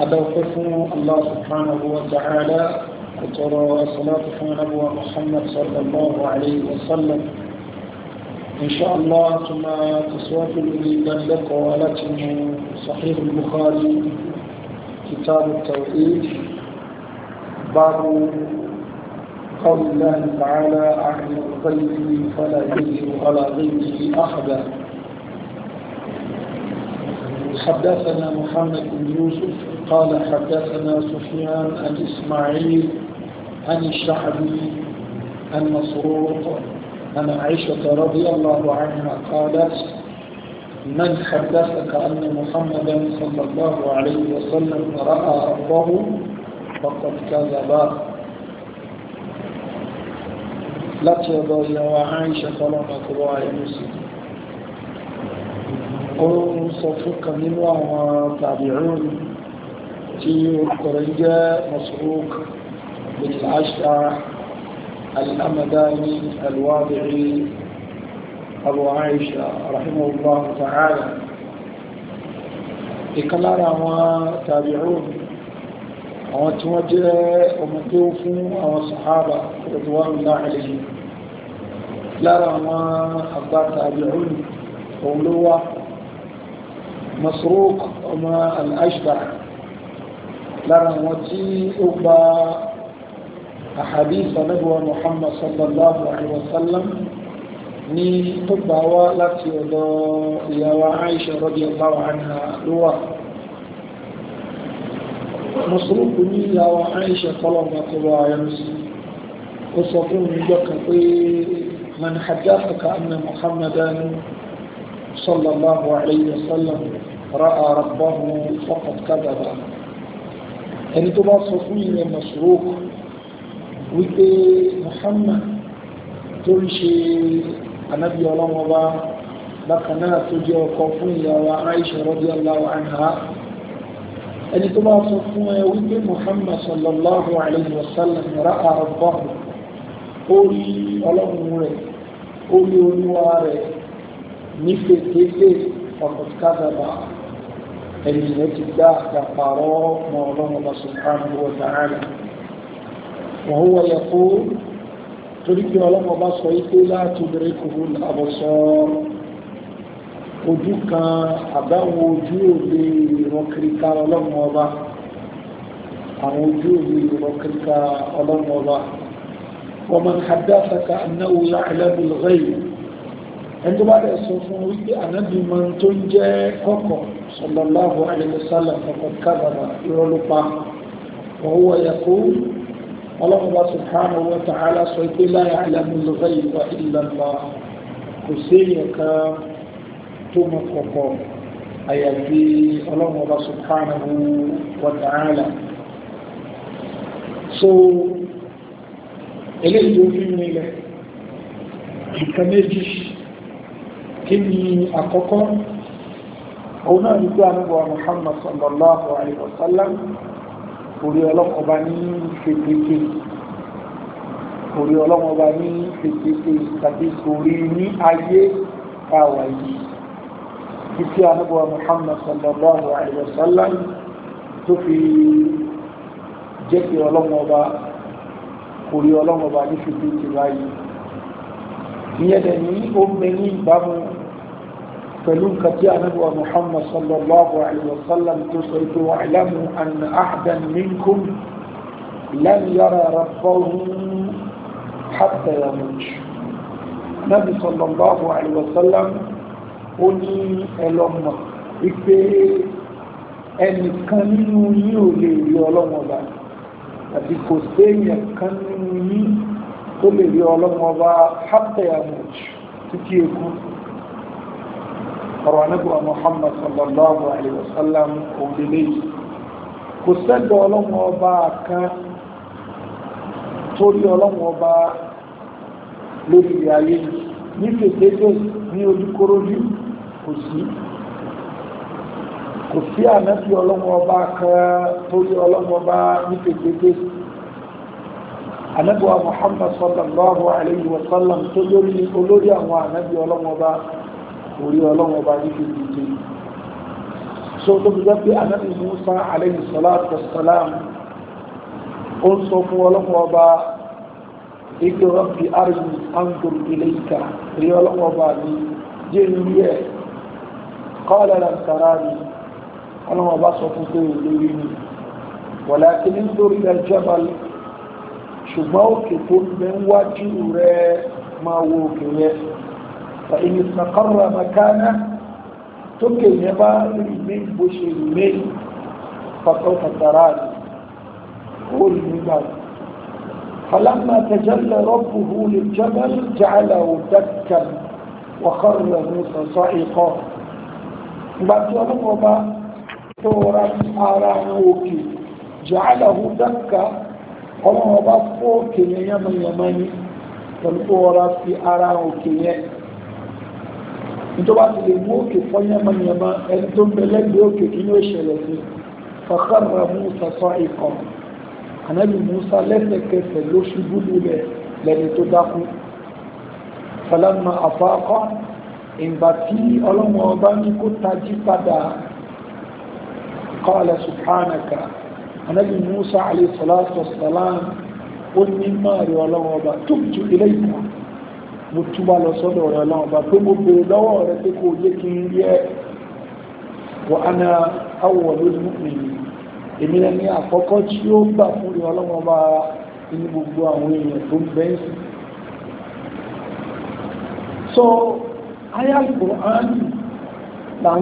أتوقفني الله سبحانه وتعالى وترى صلاة نبوة محمد صلى الله عليه وسلم إن شاء الله ثم تسوات لي لك ولكن صحيح البخاري كتاب التوحيد باب قول الله تعالى عن الغيب فلا يجد على غيبه أحدا حدثنا محمد بن يوسف قال حدثنا سفيان عن إسماعيل عن الشعبي عن مسروق عن عائشة رضي الله عنها قالت من حدثك أن محمدا صلى الله عليه وسلم رأى ربه فقد كذب لا تضيع عائشة àìṣẹ́ fọ́lọ́mà tó wà ìlú sí ó sọ fún تير ترنجا مسروق بن العشرة الأمداني الواضعي أبو عائشة رحمه الله تعالى إكلا رما تابعون وتوجه ومتوف وصحابة رضوان الله عليهم لا رما أبدا تابعون ومروة مسروق وما الأشبه lára wọn tí ó gba àhàdíìsì anábíwá muhammad sallallahu alaihi wa sallam ní tó gbà wá láti ọ̀dọ̀ ìyàwó aisha radiyallahu anha ló wà mùsùlùmí ní ìyàwó aisha kọlọ̀mà tó wà ayọ́nù sí ó sọ fún mi jọ pé man hajjafaka anna muhammadan sallallahu alaihi wa ra'a rabbahu faqad kadaba ẹni tó bá sọ fún ìyẹn Masruq wípé Muhammad tó ń ṣe anábì ọlọ́wọ́ bá bákan náà tó jẹ́ ọkọ fún ìyàwó Aisha radiyallahu anha ẹni tó bá sọ fún ẹ wípé Muhammad sallallahu alayhi wa sallam ra'a rabbahu ó ọlọ́run rẹ̀ ó olúwa rẹ̀ nífẹ̀ẹ́ kéfèé ọ̀pọ̀ kábàbà ẹ̀yìn ti gbá àpàrọ̀ mọ́ ọlọ́run lọ subhanahu wa ta'ala wa huwa yaqul torí pé ọlọ́run bá sọ ipé láti bẹ̀rẹ̀ kòrò àbọ̀sọ ojú kan àbáwọn ojú òde ìran kíríkà ọlọ́run ọba àwọn ojú òde ìran kíríkà ọlọ́run ọba wa man haddathaka annahu ya'lamu al-ghayb ẹni tó bá dẹ̀ sọ fún wípé ànábì mọ́ tó ń jẹ́ kọ́kọ̀ọ́ صلى الله عليه وسلم فقد كذب يرلقا وهو يقول الله سبحانه وتعالى سيدي لا يعلم الغيب إلا الله كسيك تمقق أيدي الله سبحانه وتعالى so eléyìí orí nílẹ̀ ìkànnì kí ni àkọ́kọ́ òun náà ní pé àníbọ̀ Muhammad sallallahu alayhi wa sallam orí ọlọ́mọba ní fètèkè orí ọlọ́mọba ní fètèkè tàbí orí ní ayé káwà yìí títí àníbọ̀ Muhammad sallallahu alayhi wa sallam tó fi jẹ́ pé ọlọ́mọba orí ọlọ́mọba ní fètèkè báyìí ìyẹn ní ó mẹ́ ní ìbámu pẹ̀lú nǹkan tí ànábì wa muhammad sallallahu alayhi wa sallam tó sọ pé wa ilamu an ahadan minkum lam yara rabbahu hatta yamut nabi sallallahu alayhi wa sallam ó ní ẹlọ́mọ wípé ẹnìkan nínú yín ò lè rí ọlọ́wọ́n àti kò séèyàn kan nínú yín tó lè rí ọlọ́wọ́n bá hatta títí ikú ọ̀rọ̀ anábùwà Muhammad sallallahu alayhi wa sallam òdìlé yìí kò sẹ́dọ̀ ọlọ́run ọba kan torí ọlọ́run ọba lórí ilé ayé ní fèdèdè ní olúkorojú kò sí kò sí ànábì ọlọ́run ọba kan torí ọlọ́run ọba ní fèdèdè anábùwà Muhammad sallallahu alayhi wa sallam tó lórí olórí àwọn ànábì ọlọ́run ọba orí ọlọ́run ọba níbi ìdíje so tó fi jẹ́ pé anábì Musa alayhi salatu wassalam ó ń sọ fún ọlọ́run ọba ìgbé rọ́bì arìnrìn angur ilayka rí ọlọ́run ọba ní jẹ́ ìrí ẹ̀ qala lan tarani ọlọ́run ọba sọ fún pé olórí ni walakin nítorí al-jabal ṣùgbọ́n òkè tó ń bẹ ń wájú rẹ̀ máa wo òkè rẹ̀ فإن استقر مكانه tókè yẹn bá rìmẹ́ bó ṣe rìmẹ́ fọ́tọ́ fọ́tara rẹ̀ ó rí nígbà rẹ̀ فلما تجلى ربه للجبل جعله دكا وخر موسى صعقا ìgbà tí ọlọ́pọ̀ bá tó ra ara òkè jàálàhù dákà ọlọ́pọ̀ bá fóòkè yẹn yẹmọ̀yẹmọ̀ ní pẹ̀lú tó ra fi ara òkè yẹn ìjọba ti lè mú òkè fọ́yẹ́mọ̀yẹ́mọ́ ẹni tó ń bẹ lẹ́gbẹ̀ẹ́ òkè kí ni ó ṣẹlẹ̀ sí fàkàrà musa sọ ikọ̀ ànábì musa lẹ́sẹ̀kẹsẹ̀ ló ṣubú lulẹ̀ lẹ́ni tó dákú falama àfọ́kọ́ ìgbà tí ọlọ́mọ ọba ní kó tají padà qala subhanaka ànábì musa alayhi salatu ó ní máa rí ọlọ́mọ ọba tó ju ilé ìkọ́ mo túbá lọ sọ́dọ̀ rẹ̀ ọlọ́run bá pé mo bèrè lọ́wọ́ rẹ̀ pé kò yé kí n rí wọ ana awọ lórí mi èmi náà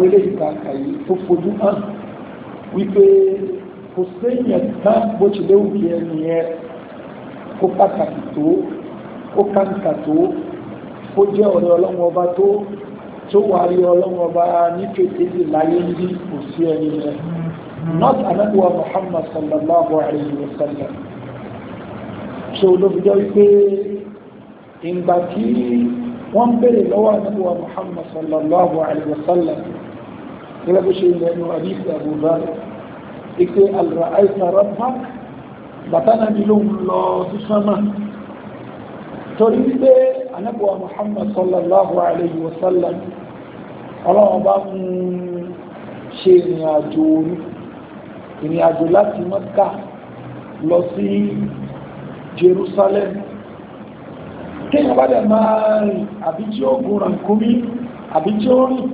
yìí tó fojú hàn wípé kò séèyàn tán bó ti léwu ẹni yẹn kó pàtàkì tó kó kàǹkà tó kó jẹ́ ọ̀rẹ́ ọlọ́run ọba tó tó wà rí ọlọ́run ọba ní kékeré láyé ń bí kò sí ẹni rẹ̀ not anabuwa muhammad sallallahu alayhi wa sallam so ló fi jẹ́ wípé ìgbà tí wọ́n bèèrè lọ́wọ́ anabuwa muhammad sallallahu alayhi wa sallam gẹ́gẹ́ bó ṣe ilẹ̀ ẹnu àdìsí àbúbáyé ike alra aisa bàtánà ni ló ń lọ sí sánmà torí wípé anábọ̀wà muhammad sallallahu alayhi wa sallam ọlọ́wọ́n bá mú ṣe ìrìn àjò orí ìrìn àjò láti mọ́ká lọ sí jerusalem kéèyàn bá dẹ̀ máa rìn àbí tí ó gùn rànkúmí àbí tí ó rìn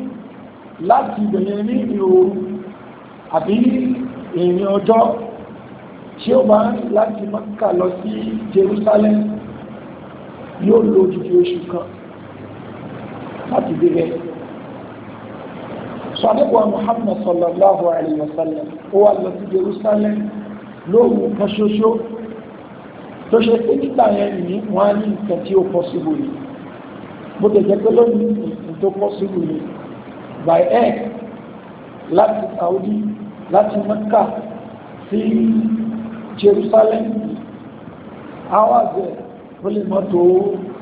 láti ìbẹ̀yẹn ní ìrìn àbí ìrìn ọjọ́ tí ó máa rìn láti mọ́ká lọ sí jerusalem yóò lo odidi oṣù kan láti débẹ̀. sọ́dọ̀gbọ́n Muhammad sallallahu alayhi wa sallam ó wà lọ sí Jerusalem lóhùn kan ṣoṣo tó ṣe pé nígbà yẹn ní wọ́n á ní nǹkan tí ó possible yìí bó tẹ̀ pé lónìí nǹkan tó possible yìí by air láti Saudi láti Mecca sí Jerusalem hours there ó lè mọ́ tó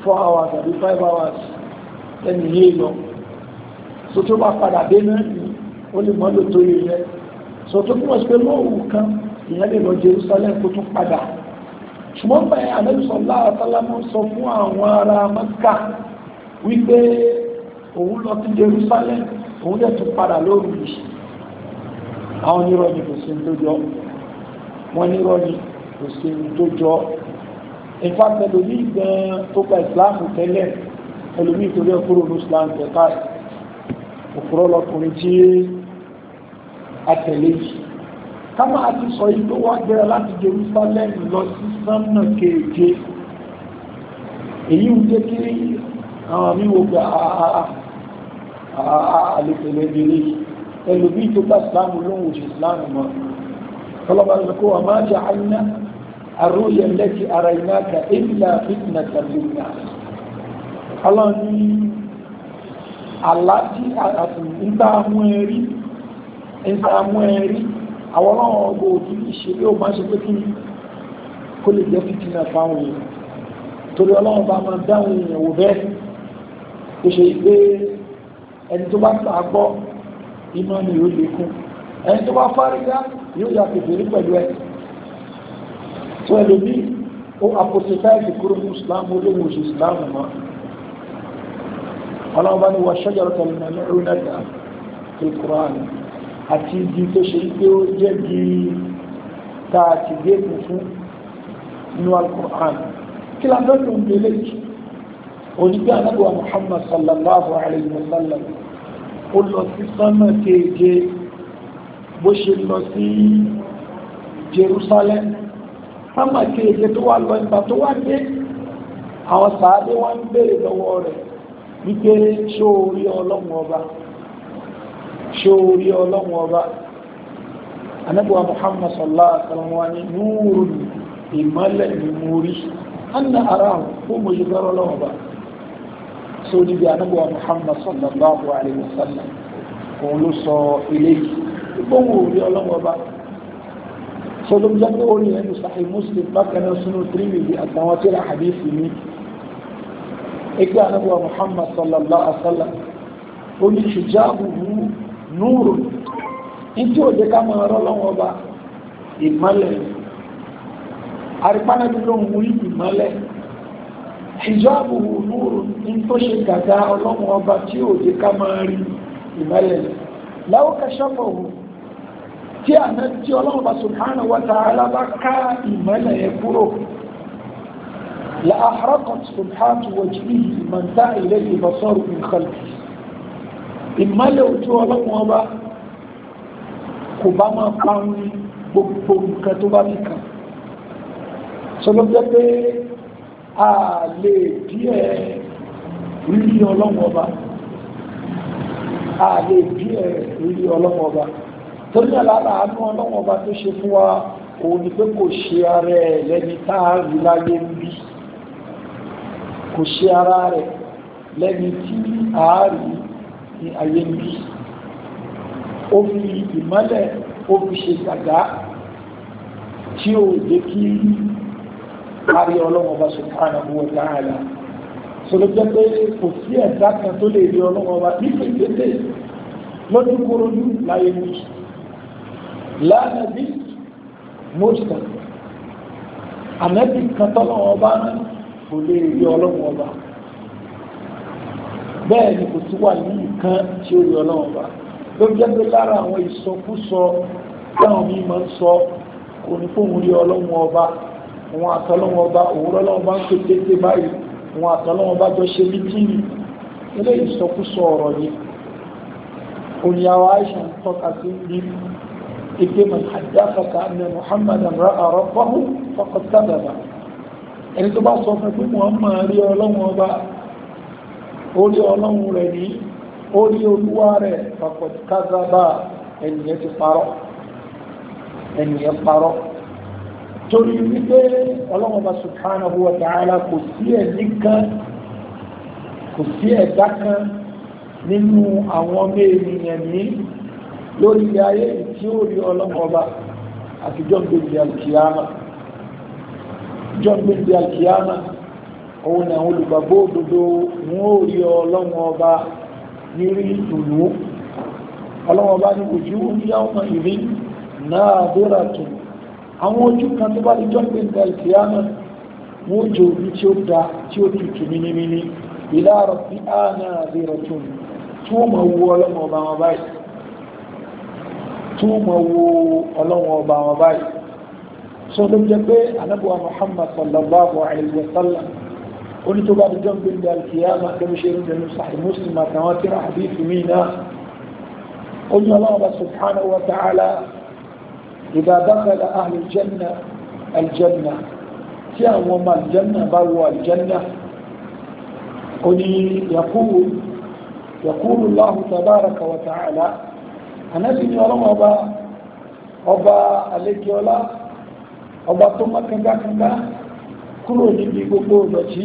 four hours àbí five hours ẹni yé lọ so tó bá padà dé náà ni ó lè mọ́ lò tó yẹ rẹ so tó túmọ̀ sí pé lóòwù kan ìyẹn lè lọ Jerusalem kó tún padà ṣùgbọ́n bẹ́ẹ̀ alẹ́sọ̀ láàtàlámọ́ sọ fún àwọn ará Mẹ́kà wípé òun lọ sí Jerusalem òun dẹ̀ tún padà lóru yìí àwọn onírọ̀ ni kò sí ní tó jọ wọn nírọ̀ ni kò sí ní tó jọ ìfà tẹlomi gan tó pa ìsìláàmù tẹ́lẹ̀ ẹlòmí ìtòlẹ́ kúrò ní ìsìláàmù tẹ̀ka òkúrọ́ lọkùnrin tí àtẹ̀lé yìí kámá àti sọ yìí tó wá gbéra láti Jerusalem lọ sí sánmà kéèké èyí ń jẹ́ kí àwọn mi wò pé àlètèlè délé ẹlòmí tó bá ìsìláàmù lóhùn ìsìláàmù mọ́ الرؤيا التي أريناك إلا فتنة للناس الله aláti ìtààmúẹ̀rí àwọn ọlọ́run ọgbọ̀ òtú ìṣeré o máa ṣe pé kí kó lè jẹ́ fìtínà fáwọn èèyàn torí ọlọ́run bá máa dáhùn èèyàn wò bẹ́ẹ̀ kò ṣe pé ẹni tó bá ta gbọ́ iná ni yóò lékún ẹni tó bá fárígá yóò yà pèpè pẹ̀lú ẹ̀ tó ẹlòmí ó apostáìsì kúrò ní islam olóhùn òṣì islam mọ́ ọlọ́run bá ní wọ́n ṣẹ́jọ́rọ̀ tẹ̀lé náà lẹ́rú nẹ́ta ìkùrán àti igi tó ṣe pé ó jẹ́ gi tá a ti gé kù fún nínú alkùrán kí la lọ́dún ìgbélé onígbà anábọ̀ muhammad sallallahu alayhi wa sallam ó lọ sí sánmà kéèké bó ṣe lọ sí jerusalem sámà kéèké tó wà lọ ìgbà tó wà dé àwọn sàádé wọn ń béèrè lọ́wọ́ rẹ̀ wípé ṣó orí ọlọ́run ọba ṣó orí ọlọ́run ọba anábíwá muhammad sallallahu alaihi wasallam wa ni núùrù ìmọ́lẹ̀ ìmúrí anna aram fún mo ṣe fẹ́ràn ọlọ́run ọba níbi anábíwá muhammad sallallahu alaihi wasallam òun ló sọ ilé yìí gbóhùn orí ọlọ́run ọba sọlọ́m jẹ́ pé orin ẹnu sàhí muslim bákan náà sunu tirimidi àtàwọn tí ra hadith mi ẹgbẹ́ anábọ̀ muhammad sallallahu alaihi wa sallam oní ṣùjáàbù wù núùrù nítí òde ká máa rọ́ lọ́wọ́ bá ìmọ́lẹ̀ àrípánábí ló ń wí ìmọ́lẹ̀ hijabu nuru in tó ṣe gàdá ọlọ́run ọba tí ò jẹ́ ká máa rí ìmọ́lẹ̀ láwọ́ kẹsọ́fọ̀ òun tí àná tí ọlọ́run bá subhanahu wa ta'ala bá ká ìmọ̀lẹ̀ yẹn kúrò la ahrakat subhatu wajhihi manta ilayhi basaru min khalqi ìmọ̀lẹ̀ ojú ọlọ́run ọba kò bá máa pa ń gbogbo nǹkan tó bá nìkan sọlọ́ pé a lè díẹ̀ rírí ọlọ́run ọba torí àlàlà àánú ọlọ́wọ́n ọba tó ṣe fún wa òun ni pé kò ṣe ara ẹ̀ lẹ́ni tá a rí láyé ń bí kò ṣe ara rẹ̀ lẹ́ni tí a rí ní ayé ń bí ó fi ìmọ́lẹ̀ ó fi ṣe gàgá tí ó jẹ́ kí kárí ọlọ́wọ́n ọba subhanahu wa ta'ala sọlọ́jọ́ pé kò sí ẹ̀dá kan tó lè rí ọlọ́wọ́n ọba nípa ìgbésẹ̀ lọ́dún kúrò ní láyé ń bí lánàá bí mọ́tà ànábì kan tọ́lọ́wọ́ bá ń kò lè rí ọlọ́wọ́ ọba bẹ́ẹ̀ ni kò sí wà ní nǹkan tí ó rí ọlọ́wọ́ ọba ló jẹ́ pé lára àwọn ìsọkúsọ táwọn mi máa ń sọ kò ní fóun rí ọlọ́wọ́ ọba òun àtọ́lọ́wọ́ ọba òun rọ́lọ́wọ́ bá ń pè tètè báyìí òun àtọ́lọ́wọ́ bá jọ ṣe mítìnì ilé ìsọkúsọ ọ̀rọ̀ yìí òníyàwó àìsàn tọ́ka sí ní ìpè man haddathaka anna muhammadan ra'a rabbahu faqad kadhaba ẹni tó bá sọ fún pé muhammad rí ọlọ́run ọba ó rí ọlọ́run rẹ̀ ní ó rí olúwa rẹ̀ faqad kadhaba ẹnìyẹn ti parọ́ ẹnìyẹn parọ́ torí wípé ọlọ́run ọba subhanahu wa ta'ala kò sí ẹ̀ kò sí ẹ̀dá nínú àwọn ọmọ ènìyàn ní lórí ilé ayé tí ó rí ọlọ́mọba àti john gbèdé alkiyama john gbèdé alkiyama òun ni àwọn olùgbàgbọ́ òdodo wọn ó rí ọlọ́mọba ní rí ìlú ọlọ́mọba ní ojú oníyàwó ìrí náà dóra tó àwọn ojú kan tó bá di john gbèdé alkiyama wọn ó jẹ ojú tí ó da tí ó tutù mímímí ìlà rọ̀ sí àná àdéròtún tí wọ́n mọ̀ wú ọlọ́mọba wọn báyìí tí wọ́n mọ̀ wo ọlọ́wọ́n ọba wọn báyìí so ló jẹ́ pé anábùwà Muhammad sallallahu alayhi wa sallam oní tó bá di jọ́ gbé ní alkiyama gẹ́gẹ́ ṣe rí nínú sàì muslim àtàwọn tí ra àdífì mí náà ó ní ọlọ́wọ́n bá subhanahu wa ta'ala idha dakhala ahli aljanna aljanna tí àwọn ọmọ aljanna bá wọ aljanna ó ní yaqulu yaqulu Allahu tabaraka wa ta'ala ànábì ní ọlọ́wọ́ ọba ọba àlékiọlá ọba tó mọ́ kankankanká kúrò níbi gbogbo ìdọ̀tí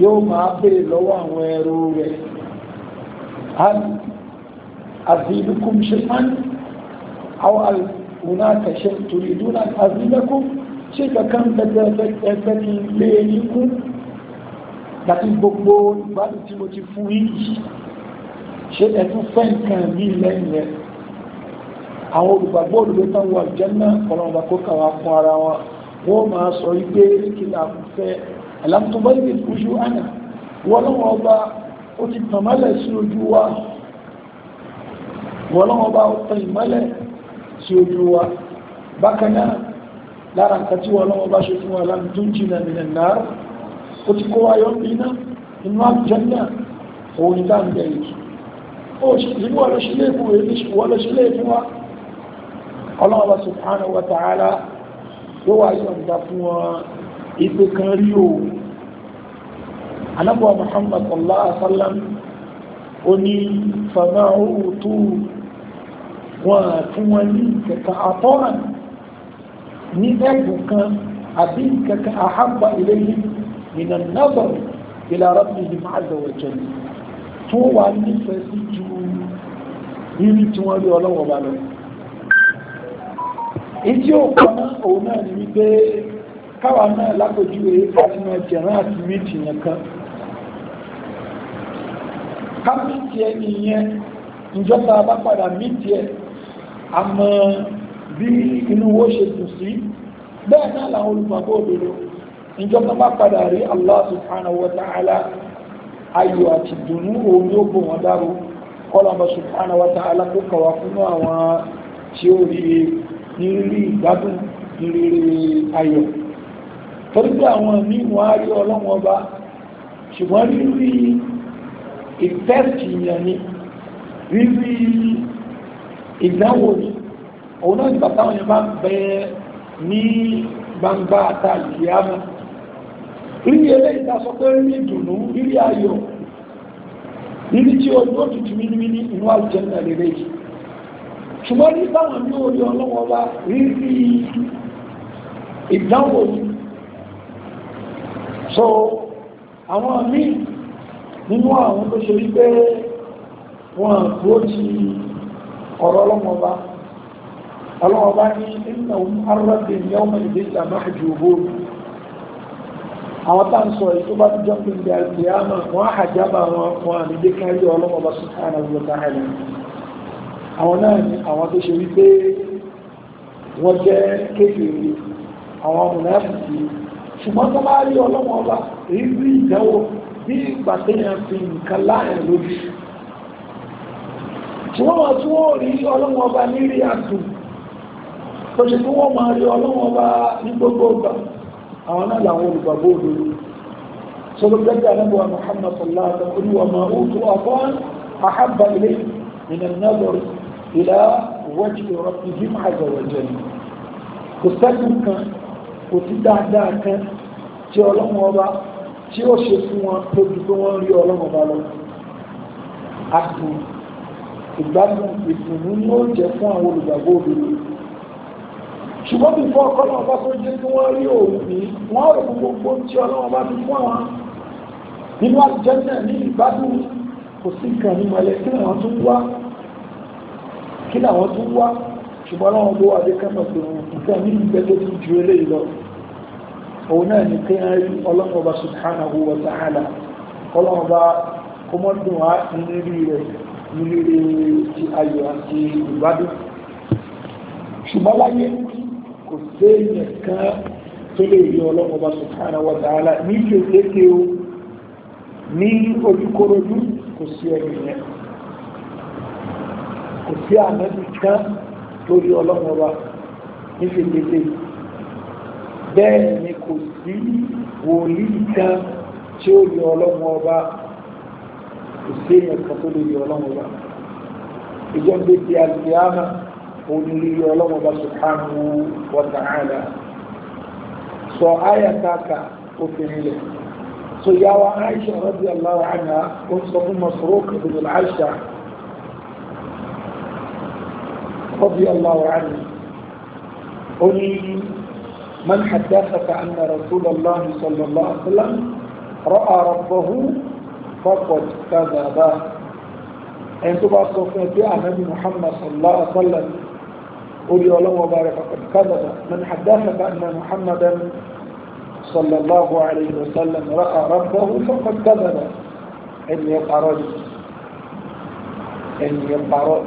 yóò máa béèrè lọ́wọ́ àwọn ẹrú rẹ̀ àzìlúkùn ṣe máa ń àwọn àlùkùnà kẹṣẹ́ torí ìdúnà àzìlẹ́kùn ṣe kankan ẹgbẹ́ kí n lé e yín kú láti gbogbo ìgbádùn tí mo ti fún yìí ṣe ẹ̀tún fẹ́ nǹkan lẹ́yìn rẹ̀ àwọn olùgbàgbọ́ olùgbé tán wà jẹ́nà ọlọ́mọba kó kàwá fún ara wọn wọ́n máa sọ wípé kí ni àfẹ́ alámtọ́bọ́lì ojú àná wọ́n lọ́wọ́ ọba ó ti tàn mọ́lẹ̀ sí ojú wa wọ́n lọ́wọ́ ọba ó tàn ìmọ́lẹ̀ sí ojú wa bákan náà lára nǹkan tí wọ́n lọ́wọ́ wa lámtúnjìnà nìyẹn inú àjẹ́nà òun ní táà ń ó ṣe ìlú wọ́n Allah subhanahu wa ta'ala ló wà yọ̀ǹda fún wọn ipe kan rí o anábọ̀ Muhammad sallallahu alaihi wasallam ó ní fama òwútú wọn fún wọn ní kẹta àtọ́ràn ní ẹ̀bùn kan àbí kẹta àhábà ilé yìí nínú nazar ila rabbihim azza wa fún wa nífẹ̀ẹ́ sí ju rírí tí wọ́n rí ọlọ́wọ́ bá lọ́wọ́ ìtí ó kọ́ náà òun náà ni wípé káwa náà lápòjúwe láti máa jẹ̀rán àti méjì yẹn kan ká mítì ẹ nìyẹn ìjọba bá padà mítì ẹ àmọ́ bí inú wo ṣe dùn sí bẹ́ẹ̀ náà làwọn olùgbàgbọ́ òdodo ìjọba bá padà rí Allah subhanahu wa ta'ala ayọ̀ àti dùnú òun yóò bò wọ́n dáró kọ́lọ́mọ subhanahu wa ta'ala kó fún àwọn tí ó rí ní rírí ìgbádùn ní rírí ayọ̀ torí pé àwọn míì wọ́n á rí ọlọ́wọ́n ọba ṣùgbọ́n rírí ìtẹ́sìyàn ni rírí ìdánwò ni òun náà nígbà táwọn yẹn bá ń bẹ ní gbangba àta ìyáàmù rírí eléyìí ta sọ pé rírí ìdùnnú rírí ayọ̀ rírí tí ojú òtútù mímímí inú àlùjẹ́ náà ṣùgbọ́n ní báwọn ní orí ọlọ́wọ́ wa rí sí ìdánwò yìí so àwọn míì nínú àwọn tó ṣe wípé wọn tó ti ọ̀rọ̀ ọlọ́wọ́ wa ọlọ́wọ́ wa ní ìnà arọ́dì ní ọmọ ìdí ìlànà àjòbó àwọn tá ń sọ èyí tó bá ti jọ́pin bí i àti àmà wọn àjábà wọn àwọn àmì dékárí àwọn náà ni àwọn tó ṣe wípé wọ́n jẹ́ kéfèèrè àwọn mùnáfìkì ṣùgbọ́n tó bá rí ọlọ́wọ́ ọba èyí rí ìdánwò bí ìgbà téèyàn fi nǹkan láàrin lójú tí wọ́n máa tún wọ́n rí ọlọ́wọ́ ọba ní rí àdùn tó ṣe tí wọ́n máa rí ọlọ́wọ́ ọba ní gbogbo ọgbà àwọn náà làwọn olùgbàgbọ́ òdodo sọ́dọ̀ gẹ́gẹ́ àlẹ́bùwà Muhammad sallallahu alaihi wa sallam oníwà máa ó tó àbọ̀ àhábà ilé ìnànà lọ́rùn إلى وجه rabbihim azza wa jalla kò sẹ́kùn kan kò sí dáadáa kan tí ọlọ́run ọba tí ó ṣe fún wọn tóbi tó wọ́n rí ọlọ́run ọba lọ. àdùn ìgbádùn ìdùnnú ni ó jẹ́ fún àwọn olùgbàgbọ́ obìnrin ṣùgbọ́n bí fún ọkọ́ náà bá tó jẹ́ kí wọ́n rí òun wọ́n rò gbogbo tí ọlọ́run bá fi fún àwọn nínú àjẹ́jẹ́ ní ìgbádùn kò sí kan ní mọ̀lẹ́kí àwọn tó wá kí làwọn tún wá ṣùgbọ́n láwọn ló wà dé kẹ́mọ̀ pé nǹkan ní ìgbẹ́ tó ti ju eléyìí lọ òun náà ní kí wọ́n rí ọlọ́run ọba subhanahu wa ta'ala ọlọ́run ọba kó mọ́ dùn wá nírí rẹ̀ nírí ti ayọ̀ àti ìgbádùn ṣùgbọ́n láyé kò séèyàn kan tó lè rí ọlọ́run ọba subhanahu wa ta'ala ní ìlú èké o ní ojúkorojú kò sí ẹni kò sí ànábì kan lórí ọlọ́run wa ní ṣèkété bẹ́ẹ̀ ni kò sí wòlíì kan tí ó yọ ọlọ́run ọba kò sí èèyàn kan tó lè yọ ọlọ́run ọba ìjọ ń gbé ti àlùfíàmà òní lílé ọlọ́run ọba subhanahu wa ta'ala sọ ayataka òfin ilẹ̀ so yàwó aisha radiyallahu anha ó sọ fún masruq ibn al-aisha radiyallahu anhu ó ní man haddathaka anna rasulullah sallallahu alaihi wa sallam ra'a rabbahu faqad kadhaba ẹni tó bá sọ fún ẹ pé ànábì muhammad sallallahu alaihi wa sallam قولي ولو وبارك قد كذب من حدثك أن محمدا صلى الله عليه وسلم رأى ربه فقد كذب أن يقرأ أن يقرأ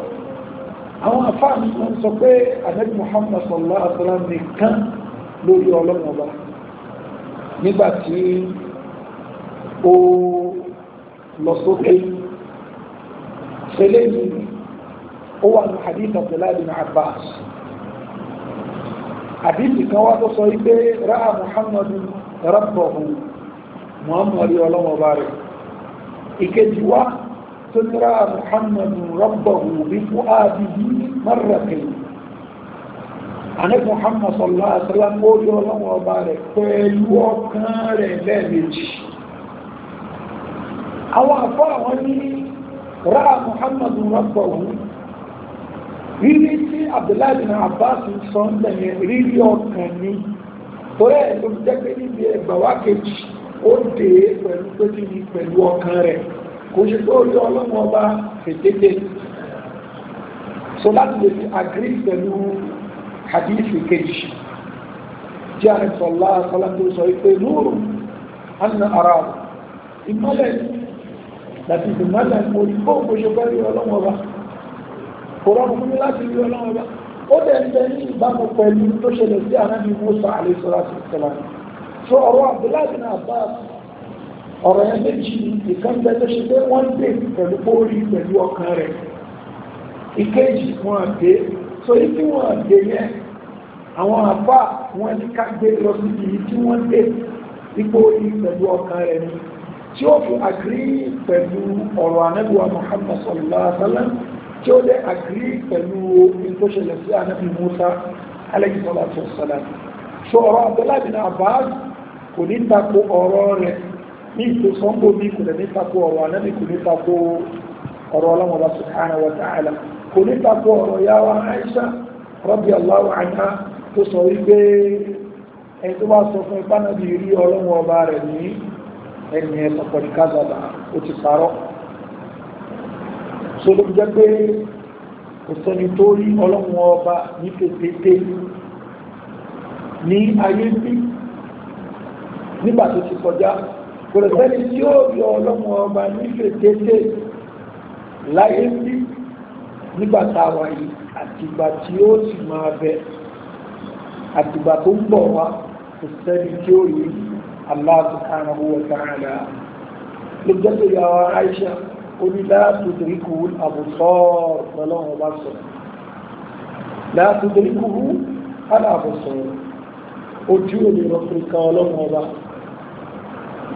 àwọn afáàmì wọn sọ pé anabi muhammad sallallahu alaihi wa sallam nìkan lórí ọlọ́run ọba nígbà tí ó lọ sókè ṣẹlẹ̀ yìí ó wà ní hadith abdullahi bin abbas àdìsí kan wá tó sọ wípé ráà muhammadu rabbahu muhammadu ọlọ́mọba rẹ̀ ìkejì wá سترى محمد ربه بفؤاده مرتين àníkù Muhammad sallallahu alaihi wasallam ó yọ ọlọ́wọ́ ọba rẹ̀ pẹ̀lú ọkàn rẹ̀ lẹ́ẹ̀mejì àwọn àfọ́ àwọn ní ra Muhammad rabbahu rírí tí Abdullahi bin Abbas sọ ń lẹ̀yẹ rírí ọkàn ní torí ẹ̀ ló jẹ́ pé níbi ẹgbàwá kejì ó dé pẹ̀lú pé kí ni pẹ̀lú ọkàn rẹ̀ kò ṣe pé orí ọlọ́run ọba fètètè so láti lè fi agri pẹ̀lú hadithi kejì tí a rìn sọ̀lá sọ́lá tó sọ pé lóòrùn anna ara ìmọ́lẹ̀ láti ìmọ́lẹ̀ mo rí kó kò ṣe pé orí ọlọ́run ọba kò rọrùn fún mi láti rí ọlọ́run ọba ó dẹ̀ ń bẹ ní ìbámu pẹ̀lú tó ṣẹlẹ̀ sí anábì Musa alayhi salatu wa so ọ̀rọ̀ Abdullahi bin Abbas ọ̀rọ̀ yẹn méjì ìkan bẹ tó ṣe pé wọ́n dé pẹ̀lú pórí pẹ̀lú ọkàn rẹ̀ ìkejì wọn àdé so ibi wọn àdé yẹn àwọn àbá wọn ní ká gbé lọ síbi tí wọ́n dé ipórí pẹ̀lú ọkàn rẹ̀ ni tí ó fi àgírí pẹ̀lú ọ̀rọ̀ anẹ́bíwa Muhammad sallallahu alaihi wa sallam tí ó lè àgírí pẹ̀lú ohun tó ṣẹlẹ̀ sí anẹ́bí Musa alaihi salatu wa so ọ̀rọ̀ Abdullahi bin Abbas kò ní tako ọ̀rọ̀ rẹ̀ ní ìtòsánbó bí kò lè ní tako ọ̀rọ̀ anábì kò ní tako ọ̀rọ̀ ọlọ́mọba subhanahu wa ta'ala kò ní tako ọ̀rọ̀ yáwa Aisha radiyallahu anha tó sọ wípé ẹni tó bá sọ fún ayé bí nígbà tó ti kọjá kò sẹ́ni tí ó yọ ọlọ́mọ ọba nífẹ̀ẹ́ tètè láyé bí nígbà tá a wà yìí àtìgbà tí ó sì máa bẹ àtìgbà tó ń bọ̀ wá kò sẹ́ni tí ó yí Allah subhanahu wa ta'ala ló jẹ́ pé ìyá wa Aisha oníláàtúndìríkù àbùsọ́ọ̀rù lọ́lọ́run ọba sọ̀rọ̀ láàtúndìríkù àbùsọ̀rọ̀ ojú òde rọ̀pẹ̀ká ọlọ́run ọba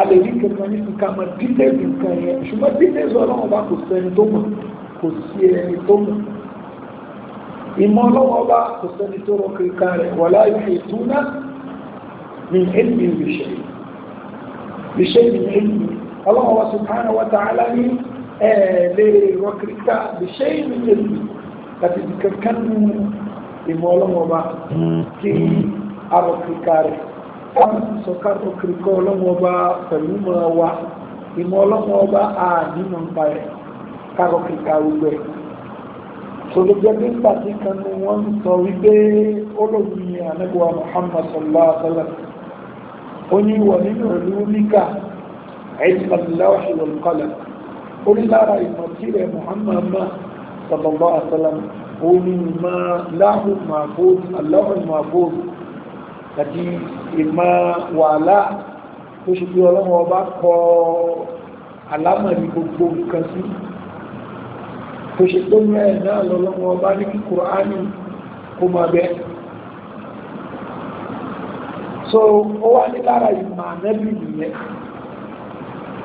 alèrí kankan ní kíkà mọ details nǹkan yẹn ṣùgbọ́n details ọlọ́run bá kò sẹ́ni tó mọ̀ kò sí ẹni tó mọ̀ ìmọ̀ ọlọ́wọ́ bá kò sẹ́ni tó rọ kíkà rẹ̀ wà láyé ìtúná ní ẹ̀mí ìṣe ìṣe ní ẹ̀mí ọlọ́run wa subhanahu wa ta'ala ní ẹ̀ẹ́dẹ́ rọ kíkà ìṣe ní ẹ̀mí àti kankan ìmọ̀ ọlọ́wọ́ bá kí arọ kíkà rẹ̀ wọ́n sọ káàtó kìrìkọ ọlọ́mọ ọba pẹ̀lú mọ́ wa ìmọ̀ ọlọ́mọ ọba àdínà ń pa ẹ̀ káàrọ̀ kìrìkà gbogbo ẹ̀ sọlọ́jọ́ ní pàtí kan ní wọ́n sọ wípé olóògùn ni ànágbà Muhammad sallallahu alaihi wa sallam ó ní wọ̀ nínú ìlú níkà ẹ̀ẹ́dìmọ̀láwàṣì wal qalam ó ní lára tí rẹ̀ Muhammad náà sallallahu alaihi wa sallam ó ní ìmọ̀ láhùn màbóòdù aláhùn màbóòdù àti ìmọ̀ wàhálà tó ṣe pé ọlọ́run ọba kọ alámọ̀rí gbogbo nǹkan sí tó ṣe pé mú ẹ̀ náà lọ́lọ́run ọba ní kí Kùránì kó máa bẹ́ so ó wá ní lára ìmọ̀ ànẹ́bì nìyẹn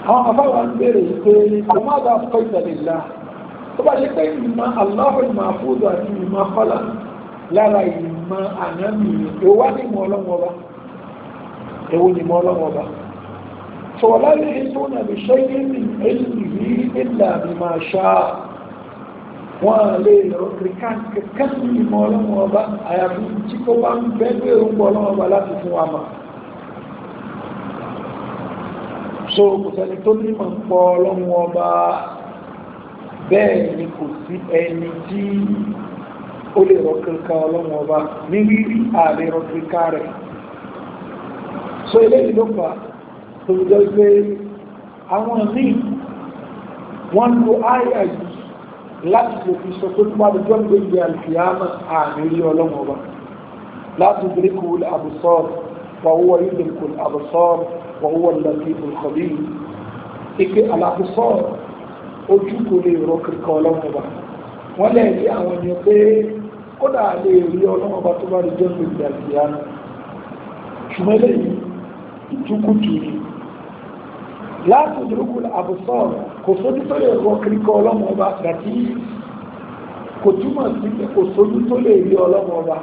àwọn afáwà ń bèèrè pé ọmọ àgbà fọ́ ìtàlélá tó bá ṣe pé ìmọ̀ aláwọ̀ ìmọ̀ àfúdù àti ìmọ̀ kọ́lá lára ìmọ̀ mọ ànábì èwo wá ní ìmọ̀ ọlọ́run ọba èwo ní ìmọ̀ ọlọ́run ọba fọwọ́lá lè ń tó nàbì ṣe é ní èyí ìlà mi máa ṣáà wọ́n lè rọ̀kìrìkán kẹ́kẹ́ sí ìmọ̀ ọlọ́run ọba àyàfi tí kó bá ń bẹ́gbẹ́ orúkọ ọlọ́run ọba láti fún wa mọ̀ so kò sẹ́ni tó nímọ̀ ń pọ̀ ọlọ́run ọba bẹ́ẹ̀ ni kò sí ẹni tí ó lè rọ kíríkà ọlọ́run ọba ní rírì ààrẹ rọ kíríkà rẹ̀ so eléyìí ló fà tó jẹ́ pé àwọn míì wọ́n lo àyà yìí láti lè fi sọ pé nípa àdúgbò gbèsè àlùfíàmù ààrẹ rí ọlọ́run ọba láti gbèrè kó àbùsọ̀ wàhúwà yìí lè kó àbùsọ̀ wàhúwà lọ́tí ìfòlùkọ̀bí ike àlàbùsọ̀ ojú kò lè rọ kíríkà ọlọ́run ọba wọ́n lè rí àwọn ènìyàn pé kódà lè rí ọlọ́wọ́ bá tó bá rí jẹ́ pẹ̀lú àtìyánu ṣùgbọ́n eléyìí ìtukùtù ni láti ìdúrókù àbùsọ̀rọ̀ kò sójú tó lè rọ kíríkọ ọlọ́wọ́ bá gàtí kò túmọ̀ sí pé kò sójú tó lè rí ọlọ́wọ́ bá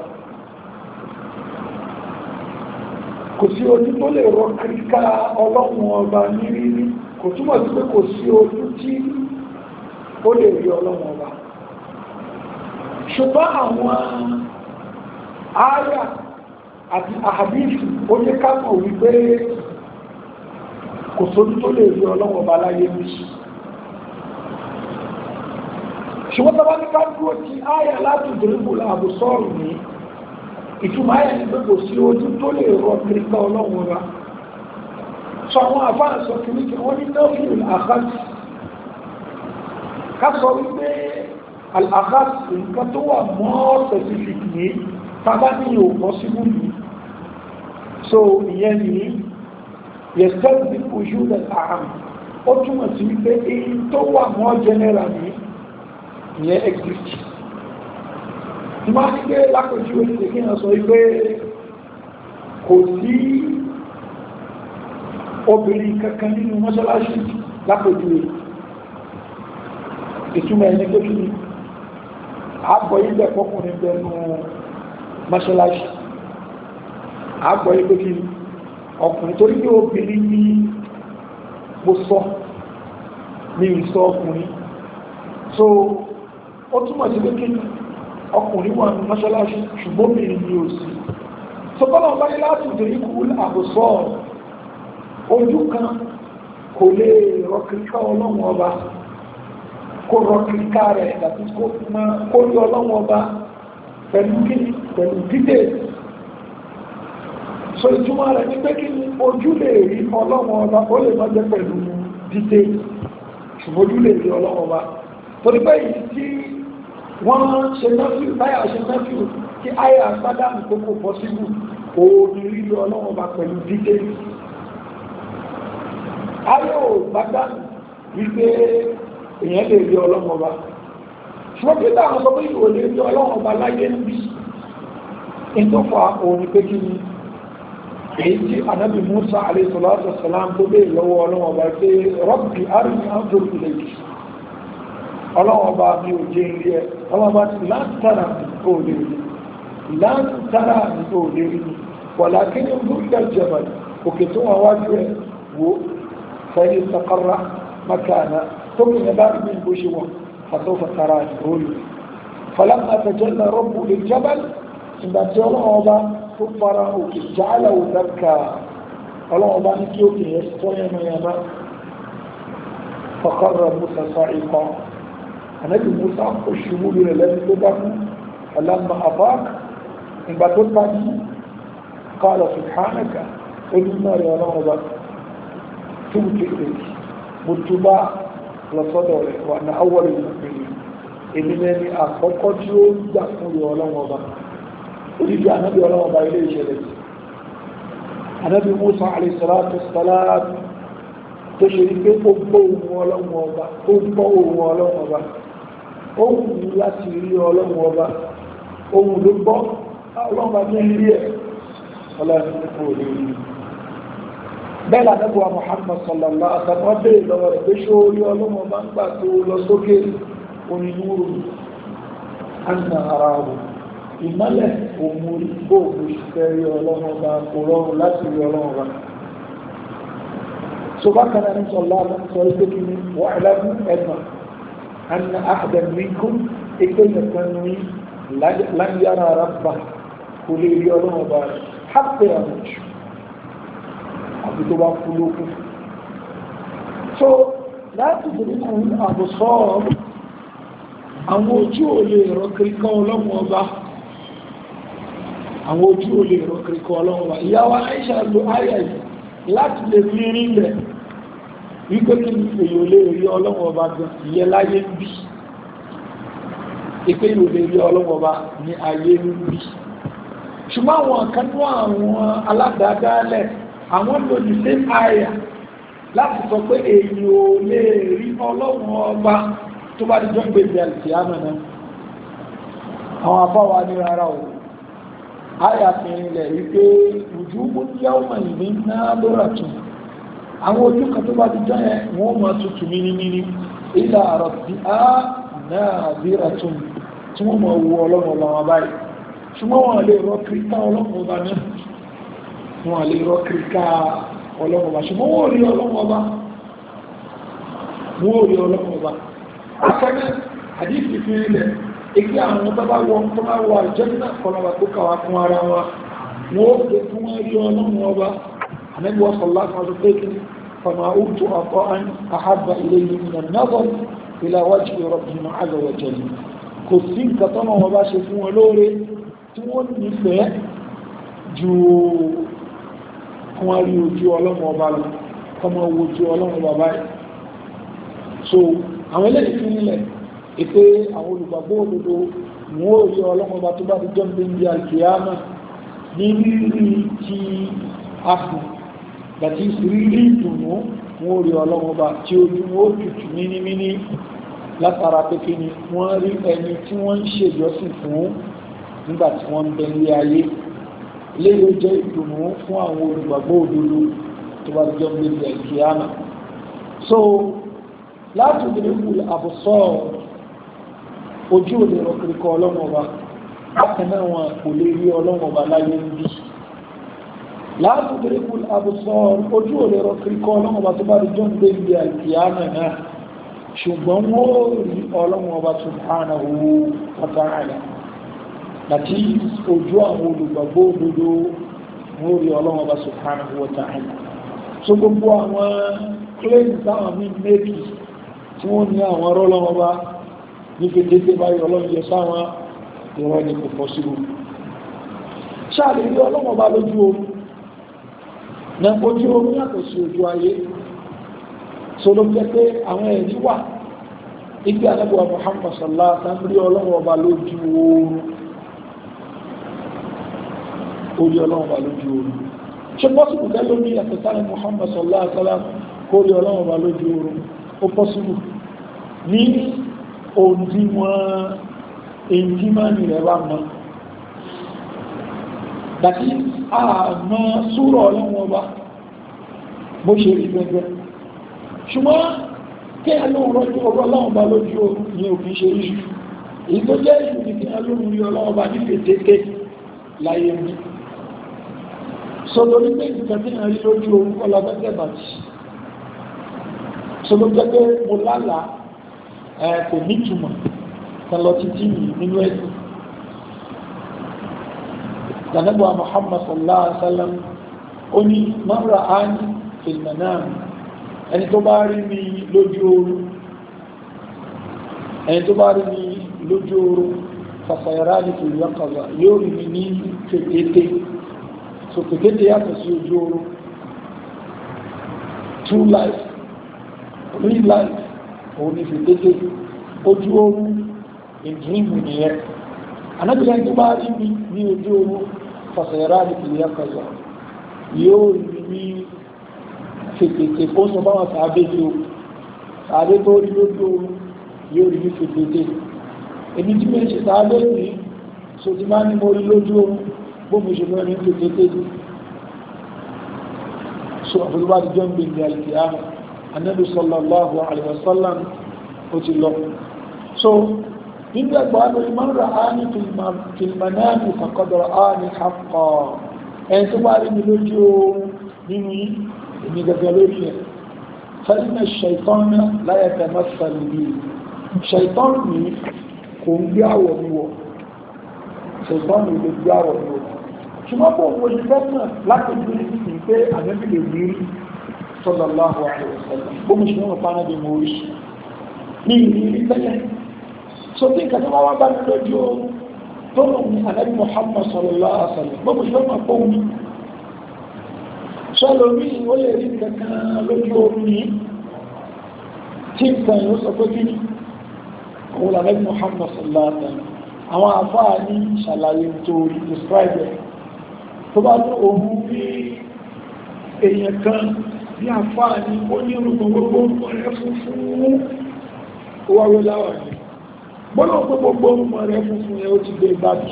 kò sí ojú tó lè rọ kíríkà ọlọ́wọ́ ọba ní kò túmọ̀ sí pé kò sí ojú tí ó lè rí ọlọ́wọ́ ṣùgbọ́n àwọn ààyà àti àhàbíṣù ó jẹ́ kápọ̀ wípé kò sójú tó lè rí ọlọ́wọ́ bá láyé rí ṣùgbọ́n tàbá ní kápọ̀ ti ààyà láti ìdòrìbò láàbò sọ́ọ̀rù ní ìtumọ̀ ààyà ní pé kò sí ojú tó lè rọ kíríkà ọlọ́wọ́ ra sọ àwọn àfáà sọ kìíní kí wọ́n ní náà fún àkáàtì ká sọ wípé al-akhas nǹkan tó wà more specific ní tábà ní yóò kọ́ síbú so ìyẹn ní yẹ̀sẹ̀l bí ojú rẹ̀ àrùn ó túmọ̀ sí wípé èyí tó wà more general ní ìyẹn exist máa ní pé lápòjú orílẹ̀ kí wọ́n sọ wípé kò sí obìnrin kankan nínú mọ́ṣáláṣí lápòjú rẹ̀ ìtumọ̀ ẹni tó kí ni àgbọ̀ ilẹ̀ pọ́kùnrin bẹnu mọ́ṣáláṣí àgbọ̀ ilé kí ọkùnrin torí ní obìnrin ní mo sọ ní ìsọ ọkùnrin so ó túnmọ̀ sí pé kí ọkùnrin wà ní mọ́ṣáláṣí ṣùgbọ́n obìnrin ní òsì so bọ́lá ọba ní láti ìdírí kú àbòsọ ojú kan kò lè rọ ọlọ́run ọba kó rọ kíríkà rẹ̀ tàbí kó máa kó yọ ọlọ́wọ́ ọba pẹ̀lú kí pẹ̀lú dídè so ìtumọ̀ rẹ̀ ní pé kí ojú lè rí ọlọ́wọ́ ọba ó lè má jẹ́ pẹ̀lú dídè ṣùgbọ́n ojú lè rí ọlọ́wọ́ ọba torí pé èyí tí wọ́n ṣe nọ́fíù báyà ṣe nọ́fíù kí àyà sádàmù tó kò bọ́ síbù òun ni lílo ọlọ́wọ́ ọba pẹ̀lú dídè ayé ò gbádàmù wípé èèyàn lè rí ọlọ́wọ́n bá ṣùgbọ́n pé táwọn sọ pé ìwò lè rí ọlọ́wọ́n láyé ń ìtọ́fà òun pé kí ni èyí Musa alaihissalatu tó bèèrè lọ́wọ́ ọlọ́wọ́n pé rọ́bì arìnrìn àjò ìlẹ̀kì ọlọ́wọ́n bá mi ò tóbi yẹn bá ibi ìbò ṣe wọ̀ fàtọ́fà tara ìhóòlù falamma tajalla rabbu lil jabal ìgbà tí ọlọ́wọ́ bá tó fara òkè jàálà ò dákà ọlọ́wọ́ bá ní kí òkè yẹn tọ́ yẹnu yẹn bá faqarra Musa sa'iqa ànábì Musa kò ṣubú rẹ̀ lẹ́nu tó bá mú falamma afaq ìgbà tó tají qala subhanaka onímọ̀ rẹ̀ ọlọ́wọ́ bá túbù kékeré mo túbà lọ sọ́dọ̀ rẹ̀ wà ní awọ́lù ìpínlẹ̀ èmi lẹ́ni àkọ́kọ́ tí ó gbà fún ìwọ ọlọ́wọ́ ọba odidi anabi ọlọ́wọ́ ọba ilé ìṣẹ̀lẹ̀ anabi musa alayisalaatu salaam tó ṣe ní pé ó gbọ́ ohun ọlọ́wọ́ ọba ó gbọ́ ohun ọlọ́wọ́ ọba wù ú láti rí ọlọ́wọ́ ọba ohun ló gbọ́ ọlọ́wọ́ ọba ní ilé ẹ̀ ọlọ́wọ́ ọba ní ilé ẹ̀ bẹ́ẹ̀ lànàbùwà Muhammad sọlọ́lá àtàwọn bèèrè lọ́wọ́ rẹ̀ pé ṣó orí ọlọ́mọ máa ń gbà tó lọ sókè onínúurù anna ara wò ìmọ́lẹ̀ òmùrí bóòmù ṣiṣẹ́ rí ọlọ́mọ bá kò rọrùn láti rí ọlọ́mọ bá so bákan náà ní sọlá sọ pé kí ni rẹ̀ àti tó bá kú ló so láti dìríkùn àbùsọ́ àwọn ojú ò lè rọ kíríkọ́ ọlọ́run ọba àwọn ojú ò lè rọ kíríkọ́ ọlọ́run ọba ìyá wa Aisha lo ayà yìí láti lè fi rí ilẹ̀ wípé kí èyí ò lè rí ọlọ́run ọba gan ìyẹn láyé ń bí ìpé ìròlè ilé ọlọ́wọ́ bá ní ayé ń bí ṣùgbọ́n àwọn kan ní àwọn aládàádálẹ̀ àwọn lòdì sí àyà láti sọ pé èyí ò lè rí ọlọ́run ọba tó bá di jọ́ gbèsè àti àmì náà àwọn afọ́wà ní rárá o àyà fi rinlẹ̀ wípé ojú oúnjẹ ọmọ ìní náà lóra tún àwọn ojú kan tó bá di jọ́ yẹn wọ́n máa wọn lè rọ kíríkà ọlọ́run ọba ṣùgbọ́n wọ́n rí ọlọ́run ọba wọ́n rí ọlọ́run ọba akẹ́kẹ́ àdìsí fi rílẹ̀ èyí àwọn bábá wọ tó máa wọ àjẹ́nà kọlọ́wà tó kàwà fún ara wa wọ́n pè fún wọn rí ọlọ́run ọba àmẹ́gbọ́ sọ̀lá kan tó pé kí fama utu akọ àhábà ilé kún wá rí ojú ọlọ́run ọba lọ kọmọ wo ojú ọlọ́run ọba báyìí so àwọn eléyìí fi nílẹ̀ èpè àwọn olùgbàgbọ́ òdodo wọn ò rí ọlọ́run ọba tó bá ti jọ́m bí ndí alkiyama ní rírí ti afọ gàtí rírí ìdùnnú wọn ò rí ọlọ́run ọba tí ojú wọn ó tutù mímímí látara pé kí ni wọ́n rí ẹni tí wọ́n ń ṣèjọ́sìn fún nígbà tí wọ́n ń bẹ ní ayé léwu jẹ́ ìdùnnú fún àwọn olùgbàgbọ́ òdodo tó bá jọ ń gbèsè kíámà so láti ìdílébù àbùsọ ojú òde ọkùnrin ọlọ́run ọba bákan náà wọn kò lè rí ọlọ́run ọba láyé ń bí láti ìdílébù àbùsọ ojú òde ọkùnrin ọlọ́run ọba tó bá jọ ń gbèsè kíámà náà ṣùgbọ́n wọ́n rí ọlọ́run ọba subhanahu wa ta'ala àti ojú àwọn olùgbàgbọ́ òdodo wọ́n rí ọlọ́wọ́n bá subhanahu wa ta'ala so gbogbo àwọn claims táwọn mí méjì tí wọ́n ní àwọn ọlọ́wọ́n bá ní kékeré báyìí ọlọ́wọ́n yẹ sáwọn ìrọ́ ní kò pọ̀ síbò ṣáàlì rí ọlọ́wọ́n bá lójú omi na ojú omi yàtọ̀ sí ojú ayé so ló jẹ́ pé àwọn ẹ̀rí Muhammad sallallahu alaihi wa sallam rí ọlọ́wọ́n bá lójú oorun orí ọlọ́run wà lójú oorun ṣe pọ́sìbù tẹ́lú ní àtẹ́sáré Muhammad sallallahu sọ̀lá àtàlá kó orí ọlọ́run wà lójú oorun ó pọ́sìbù ní òǹdíwọ̀n èyí tí máa ń rẹ̀ wá mọ́ dàtí àmọ́ súrọ̀ ọlọ́run ọba bó ṣe rí gbẹgbẹ́ ṣùgbọ́n kí a ló rọ́jú ọlọ́run ọba lójú oorun ní òfin ṣe iṣu èyí tó jẹ́ ìlú ní kí a ló rí ọlọ́run ọba ní pètèkè láyé mi sọdọ́rí pé nǹkan tí a rí lójú orúkọ lábẹ́gbẹ̀ bàtì sọdọ́jẹ́ pé mo lálà kò ní túmọ̀ kan lọ títí mi nínú ẹ̀sìn lànàbọ̀ Muhammad sallallahu alaihi wasallam ó ní mọ́ra á ní fìlmanáàmù ẹni tó bá rí mi lójú oorun ẹni tó bá rí mi lójú oorun fàfàyàrá ní kò yọkàwà yóò rí mi ní kékeré So dédé yàtọ̀ sí ojú oorun true life real life only òun ni fi dédé ojú oorun ìdírímù nìyẹn anábìlẹ̀ tó bá rí mi ní ojú oorun fàṣẹ̀yàrá ní ìlú ẹ̀kọ́jọ́ yóò rí mi fètètè kó sọ báwọn sàábé tí ó sàábé tó rí lójú oorun yóò rí mi fètètè èmi tí mi ń ṣe sàábé rí so ti máa ní mo rí lójú oorun bóòmù ṣe mọ́ ní kékeré so àfẹ́lúwà ti jọ́n gbèndé alìkìyàmù anábì sallallahu alaihi wasallam ó ti lọ so nígbà gbọ́nà ìmọ̀ra áni tìlmanáàmì fàkọ́dọ̀rọ̀ áni haqqa ẹni tó wà rí mi lójú nínú èmi gẹ́gẹ́ lórí ẹ̀ fẹ́lẹ́mẹ ṣẹ̀tọ́nà láyẹ̀tẹ̀ mọ́sàlì bí ṣẹ̀tọ́nù kò ń gbé àwọ̀ mi wọ̀ ṣẹ̀tọ́nù ló gbé àwọ̀ mi ṣùgbọ́n kò wo ṣe fẹ́ tàn láti ju ìsìn pé àbẹ́bí lè rí rí sallallahu alaihi wasallam bó mo ṣe ń pa náà bí mo rí ní ìrírí tẹ́lẹ̀ so tí nǹkan tó bá wá bá mi lójú o tó lò ní ànábì Muhammad sallallahu alaihi wasallam bó mo ṣe máa pọ̀ mi sọ́lọ́ mi ó lè rí kankan lójú oorun yìí tí nǹkan yóò sọ pé kí ni àwọn afáà ní ṣàlàyé nítorí describe it tó bá ní òun bí èèyàn kan bí àfáà ní ó ní orúkọ gbogbo ọmọ rẹ̀ funfun wọ́n wọ́n láwà ní gbọ́nà gbogbo ọmọ rẹ̀ funfun yẹn ó ti gbé bábì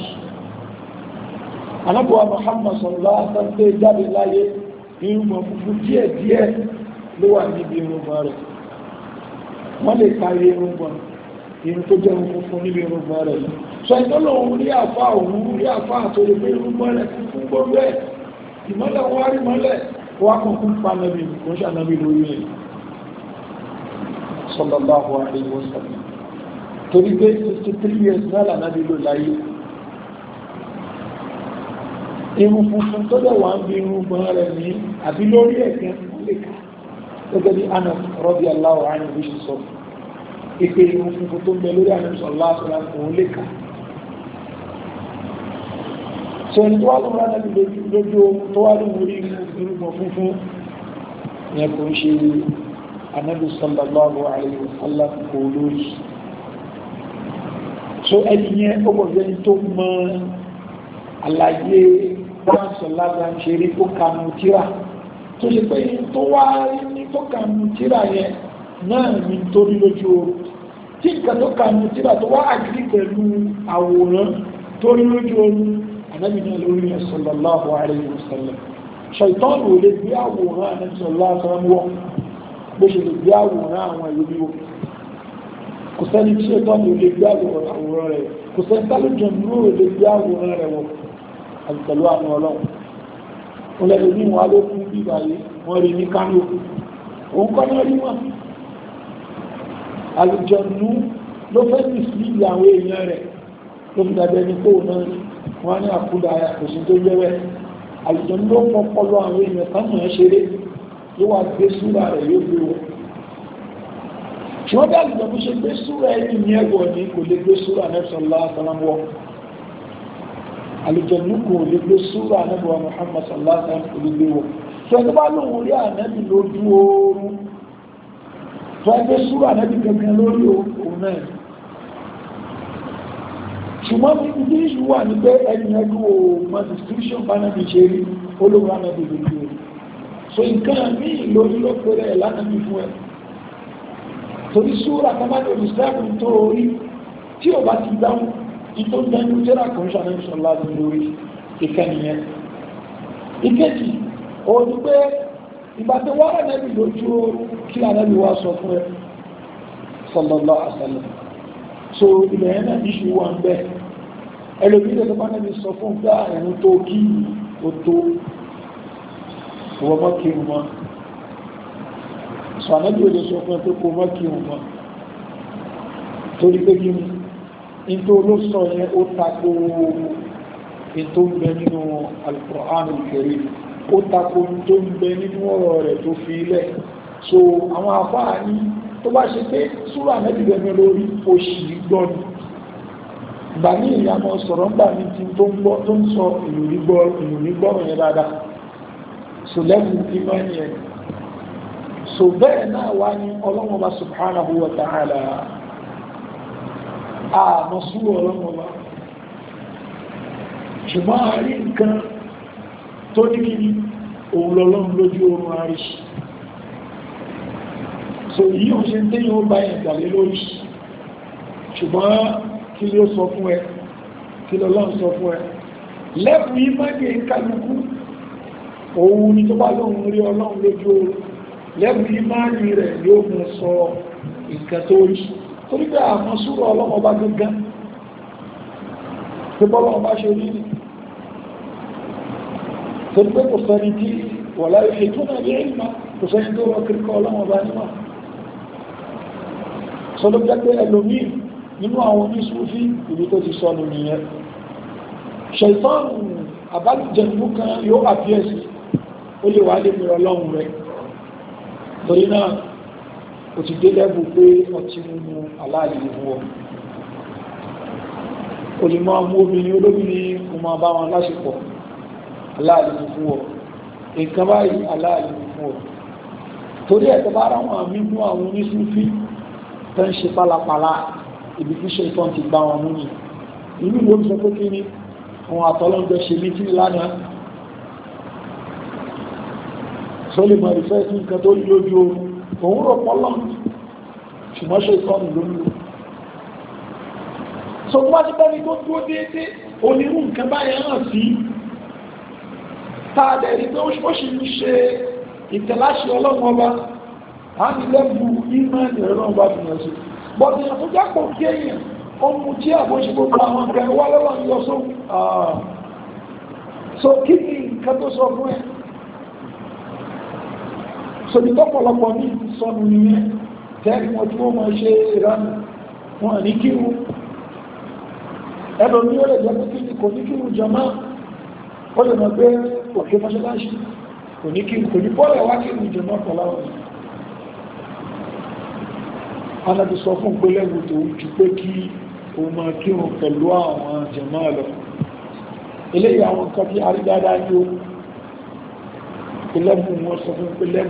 alábọ̀wà Muhammad sọ̀rọ̀lá sáńté jáde láyé ní ìmọ̀ funfun díẹ̀ díẹ̀ ló wà níbi irúgbọ̀n rẹ̀ wọ́n lè parí irúgbọ̀n irun tó jẹ́ funfun níbi irúgbọ̀n rẹ̀ yìí sọ ìtọ́lọ́wọ́ rí àfá òun rí àfá àtòrí pé irú mọ́lẹ̀ fún gbogbo ẹ̀ ìmọ́lẹ̀ wọ́n rí mọ́lẹ̀ wọ́n kún fún panabi kò ṣànàbí lórí rẹ̀ sallallahu alaihi wasallam torí pé 63 years náà lànàbí ló láyé irun funfun tó dẹ̀ wà ń bí irun gbọ́n rẹ̀ ní àbí lórí ẹ̀kẹ́ lè ká gẹ́gẹ́ bí Anas radiyallahu anhu sọ ìpè irun funfun tó ń lórí Anas so ní tó wá lọ́wọ́ náà lójú ohun tó wá lóhun orí irúgbọ̀n funfun yẹn kò ṣe anábì sallallahu alayhi wa sallam kò so ẹni yẹn ó gbọ́dọ̀ ẹni tó mọ àlàyé wọn sọ lára ń ṣe rí tó kanu tíra tó ṣe pé tó wá rí ní tó kanu tíra tó kanu tíra ànábì náà lórí yẹn sallallahu alayhi wa sallam ṣàìtọ́nù ò lè gbé àwòrán ànábì sallallahu alayhi wa sallam wọ̀ bó ṣe lè gbé àwòrán àwọn ìlú wọ̀ kò sẹ́ni tí ṣàìtọ́nù ò lè gbé àwòrán rẹ̀ kò sẹ́ni tálójọ nínú ò lè gbé àwòrán rẹ̀ wọ̀ àti pẹ̀lú àwọn ọlọ́run ó lẹ́nu ní wọn ló kú bí báyìí wọ́n rí ní Kánò òun kọ́ náà rí wọn àlùjọ̀nù ló fẹ́ ní sí ìyàwó èèyàn rẹ̀ ló fi dàbẹ́ ní kóò náà rí wọ́n ní àkúdà òsì tó jẹ́wẹ́ àlùjọ́n ló pọ́pọ́lọ́ àwọn èèyàn táwọn ẹ̀ ṣeré ló wà gbé súra rẹ̀ yóò gbé wọn ṣùgbọ́n bí àlùjọ́n bó ṣe gbé súra ẹni ní ẹ̀wọ̀ ni kò lè gbé súra nẹ́sọ̀lá sàlámọ́ àlùjọ́n kò lè gbé súra nẹ́bọ̀ Muhammad sàlá sàlámọ́ kò lè gbé wọn tọ́jú bá lóun rí ànẹ́bì lójú oorun tọ́jú súra ànẹ́bì kankan lórí òun náà ṣùgbọ́n ibi ìṣù wà ní pé ẹni ẹdún o constitution banabi ṣe rí olóhùn anabi ló dúró so nǹkan ní ìlóyún ló péré ẹ̀ lánàbí fún ẹ torí súra kamado islam tó orí tí o bá ti dáhùn ìtò dẹnu jẹ́rà kan ṣàlẹ́ ìṣọ̀lá lórí ìkẹ́niyẹn ìkejì òun pé ìgbà tó wá ànábì lójú oorun kí ànábì wá sọ fún ẹ sallallahu alaihi wasallam so ilẹ̀ yẹn náà iṣu wà ń bẹ́ẹ̀ ẹlòmílẹ̀ tó bá nẹ́bí sọ fún gbá ah, ẹ̀rùn tó kí o tó ọwọ́ kí o mọ́ sọ ànẹ́bí olè sọ fún ẹ pé kò mọ́ kí o mọ́ torí pé kí ni nítorí olóòsọ yẹn ó tako Al-Qur'an Al-Karim ó tako tó ń bẹ nínú ọ̀rọ̀ rẹ̀ tó fi ilẹ̀ so àwọn afáà ní tó bá ṣe pé súrà mẹ́bí lórí oṣì gbọ́ni gbà ní ìyàmọ̀ sọ̀rọ̀ ń gbà ní ti tó ń gbọ́ tó ń sọ ìlú gbígbọ́ ìlú gbígbọ́ yẹn dáadáa so lẹ́bù ìmọ̀ yẹn so bẹ́ẹ̀ náà wá ní ọlọ́wọ́n bá subhanahu wa ta'ala àmọ́ súwọ́ ọlọ́wọ́n bá ṣùgbọ́n àárín nǹkan tó ní kí ni òun lọ́lọ́run lójú oorun àríṣì so yíò ṣe ń tẹ́yìn ó bá yẹn gbà ṣùgbọ́n kí ló sọ fún ẹ kí ló lọ́n sọ fún ẹ lẹ́bùn yí má ní kálukú òun ni tó bá lóhun rí ọlọ́run lójú oru lẹ́bùn yí má ní rẹ̀ yóò mú sọ ìkẹ́ tó rí torí pé àmọ́ súrọ̀ ọlọ́run ọba gángan tó bọ́lọ́ ọba ṣe rí ni torí pé kò sọ ní tí wọ̀lá ìṣe tó náà yẹ ìmọ̀ kò sọ ní tó rọ ẹlòmíì nínú àwọn oníṣúfí ìlú tó ti sọnù nìyẹn ṣẹ̀tọ́nù àbájẹ̀mú kan yóò àpíẹ̀sì ó lè wà lè mìíràn lọ́hùn rẹ̀ torí náà ó ti dé lẹ́bù pé ọtí mímu aláàlè ìwú ọ o lè máa mú obìnrin olóbìnrin kò torí ẹ̀ bá ara wọn mímú àwọn oníṣúfí tó ń ṣe pálapàla ibi tí ṣe tán ti gba wọn mú ni inú wo sọ pé kí ni àwọn àtọ́lọ́jọ ṣe ní tí lánàá tó lè mọ̀ ìfẹ́ sí nǹkan tó lè lójú oorun òun rò pọ́lọ́ ṣùgbọ́n ṣe tán ló ń lò so tó bá ti bẹ́ni tó dúró déédéé onírú nǹkan báyẹn hàn sí táàdẹ̀ rí pé ó ṣì ń ṣe ìtẹ̀láṣẹ ọlọ́run á ní lẹ́bù ìmọ̀ ẹ̀rọ ọba fìyànjú bọ́dé yẹn tó jẹ́ kò kí èèyàn ó mú tí àbóṣe gbogbo àwọn nǹkan wá lọ́wọ́ ń lọ so kí ni nǹkan tó sọ fún ẹ sọ̀bí tọ́pọ̀lọpọ̀ ní sọnù nìyẹn tẹ́rì wọn tí wọ́n máa ṣe ìrànù wọn ní kíru ẹ̀rọ ní ó lè jẹ́ kí ni kò ní kíru jọmá ó lè mọ̀ pé òkè mọ́ṣáláṣí kò ní kíru kò ní bọ́ọ̀lù wá kíru jọmá pọ̀láwọ̀ yìí anábi sọ fún pé lẹ́wù tó jù pé kí o máa kírun pẹ̀lú àwọn jàmá lọ eléyìí àwọn nǹkan bí arídáadáa ní o wọn sọ fún pé o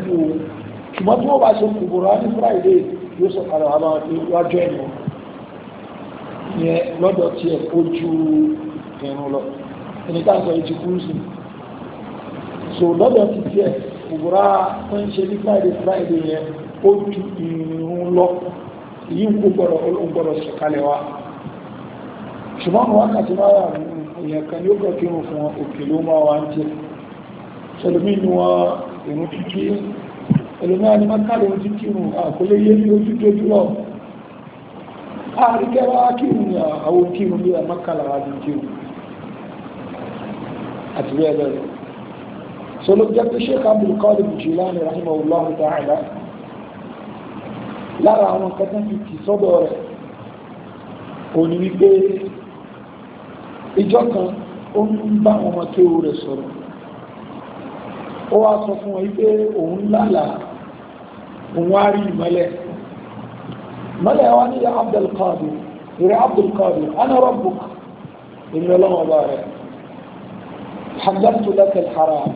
ṣùgbọ́n tí wọ́n bá ṣe kùbùrù á ní friday yóò sọ padà wà máa fi wájú ẹ̀mọ́ yẹn lọ́dọ̀ tiẹ̀ ó ju ẹ̀rùn lọ ẹni tá sọ ètò kúrúsì so lọ́dọ̀ ti tiẹ̀ kùbùrù á ń ṣe ní friday friday yẹn ó ju ìrún lọ èyí ń gbọ́rọ̀ olóńgbọ́rọ̀ sọ̀kalẹ̀ wa ṣùgbọ́n wákàtí máa rà mú èèyàn kan yóò kọ̀kí rùn fún òkè ló máa wá ń jẹ́ ṣẹlùmí ni wọ́n ìrún títí ẹlùmí a ní máa kààrẹ̀ ohun títí rùn àkólé yé ní ojú tójú lọ àríkẹ́wà kírùn ní àwọn a ní àmọ́kàlà wà ní kírùn àti bẹ́ẹ̀ bẹ́ẹ̀ lọ sọ ló jẹ́ pé ṣe kábùlù kọ́ọ̀lù jùlá ní rahimahullahu ta'ala lára àwọn kẹtàn ti tì sọ́dọ̀ rẹ̀ kò ní wípé ìjọ kan ó ń bá wọn ọmọ kéwú rẹ̀ sọ̀rọ̀ ó wá sọ fún wọn wípé òun lálàá òun wá rí ìmọ́lẹ̀ mọ́lẹ̀ wa ní Abdulkadir ìrẹ́ Abdulkadir ana rabbuka ìrìnlọ́wọ́ ọba rẹ̀ hajjatu haram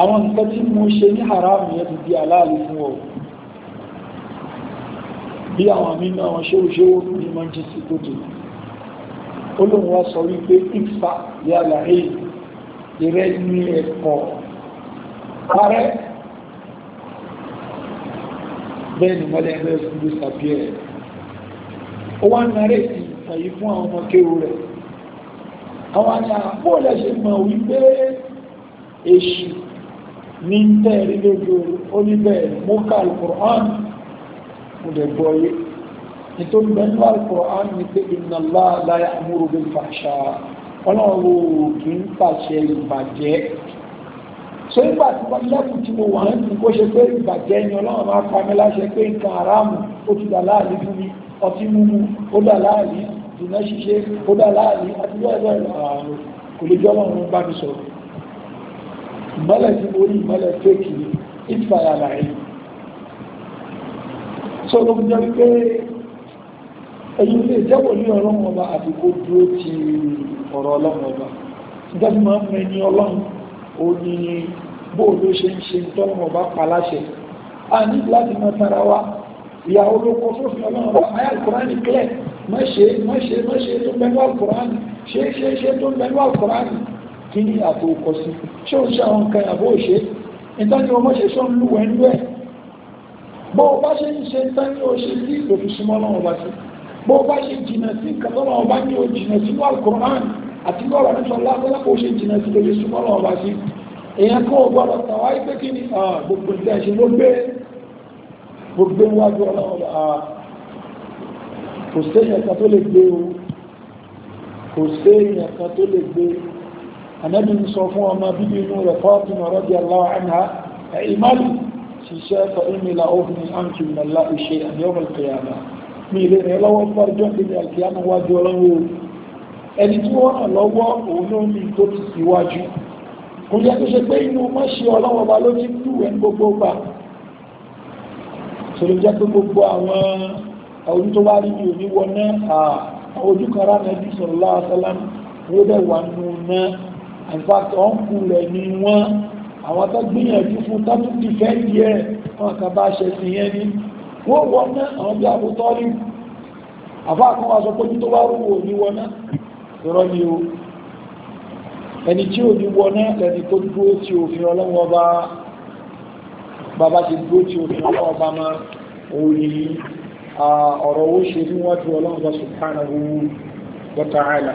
àwọn nǹkan tí mo ṣe ní haram yẹn ti di aláàlú fún ọ bí àwọn àmínú àwọn ṣéwòṣéwò ní manchester kòtò olóhùn wa sọ wípé ìfà yàrá èyí ìrẹ́ ní ẹ̀kọ́ parẹ́ bẹ́ẹ̀ ni mọ́lẹ̀ ẹgbẹ́ ìfúdú sàbí ẹ̀ ó wá ń narẹ́ sí ìtàyí fún àwọn ọmọ kéwò rẹ̀ àwọn àti àpòlẹ̀ ah, ṣe mọ̀ wípé èṣù ní tẹ́ẹ̀rí lójú oníbẹ̀ mọ́kàlù kùránì mo lè gbọ́ yé nítorí mẹ́nu quran ní pé inna Allah la ya'muru bil fahsha ọlọ́run ò kì í pàṣẹ ìbàjẹ́ so nígbà tí wọ́n lẹ́kùn tí mo wà ń fi kó ṣe pé ìbàjẹ́ ni ọlọ́run máa pa mí láṣẹ pé nǹkan aráàmù ó ti dà láàrí fún mi ọtí mímu ó dà láàrí ìdùnnà ṣíṣe ó dà láàrí àti bẹ́ẹ̀ bẹ́ẹ̀ lọ kò lè jọ́ ọlọ́run bá mi sọ̀rọ̀ ìmọ́lẹ̀ tí mo rí ìmọ́lẹ̀ fẹ́ẹ̀kì ìfàyàlà yìí tó ló jẹ́ pé ẹ̀yìn lè jẹ́wọ̀ ní ọlọ́run ọba àti kó dúró ti ọ̀rọ̀ ọlọ́run ọba ìjọba máa ń mẹ́ni ọlọ́run ó ní bóòlù ṣe ń ṣe tọ́lọ́run ọba paláṣẹ a ní láti máa tara wa ìyàwó ló kọ sófin ọlọ́run ọba ayé alukurani kílẹ̀ má ṣe má ṣe má ṣe tó mẹ́nu alukurani ṣe ṣe ṣe tó mẹ́nu alukurani ni àtòkọ sí bó o bá ṣe ń ṣe tán ní o ṣe sí òfin súnmọ́ náà wá sí bó o bá ṣe jìnà sí nǹkan tó náà bá ní o jìnà sí wà kùrán àti lọ́rọ̀ ní sọ lásánà kó o ṣe jìnà sí òfin súnmọ́ náà wá sí èèyàn kan ò gbọ́dọ̀ tàwa ipé ni gbogbo ìdá ṣe ló gbé ṣiṣẹ́ fa ìmìlà òfin àǹtí mọ̀lá ìṣe àyọ̀mọ̀ ìkẹyàmà mi ilé rẹ̀ lọ́wọ́ fọ́jọ́ ìdí àkíyàmọ̀ wájú ọlọ́wọ́ ẹni tí wọ́n ràn lọ́wọ́ òun ló ní tó ti síwájú kò yẹ tó ṣe pé inú mọ́ ṣe ọlọ́wọ́ bá ló ti dùn ẹni gbogbo gbà tó ló jẹ́ pé gbogbo àwọn ojú tó bá rí ní òní wọ náà ojú kan rárá ẹbí sọ̀rọ̀ láàṣálá wó dẹ̀ wà nù náà in fact ọ̀nkù rẹ̀ ni wọ́n àwọn tó gbìyànjú fún tátù ti fẹ́ yí ẹ̀ wọn kan bá ṣe sí yẹn ní wọ́n wọ́n náà àwọn bí àbú tọ́lì àfáà kan wá sọ pé tó bá rúwò ní wọ́n náà ìrọ́ ni o ẹni tí ò ní wọ́n náà lẹ́ni tó bá bàbá ti wọ́n tí ọlọ́wọ́ bá subhanahu wa ta'ala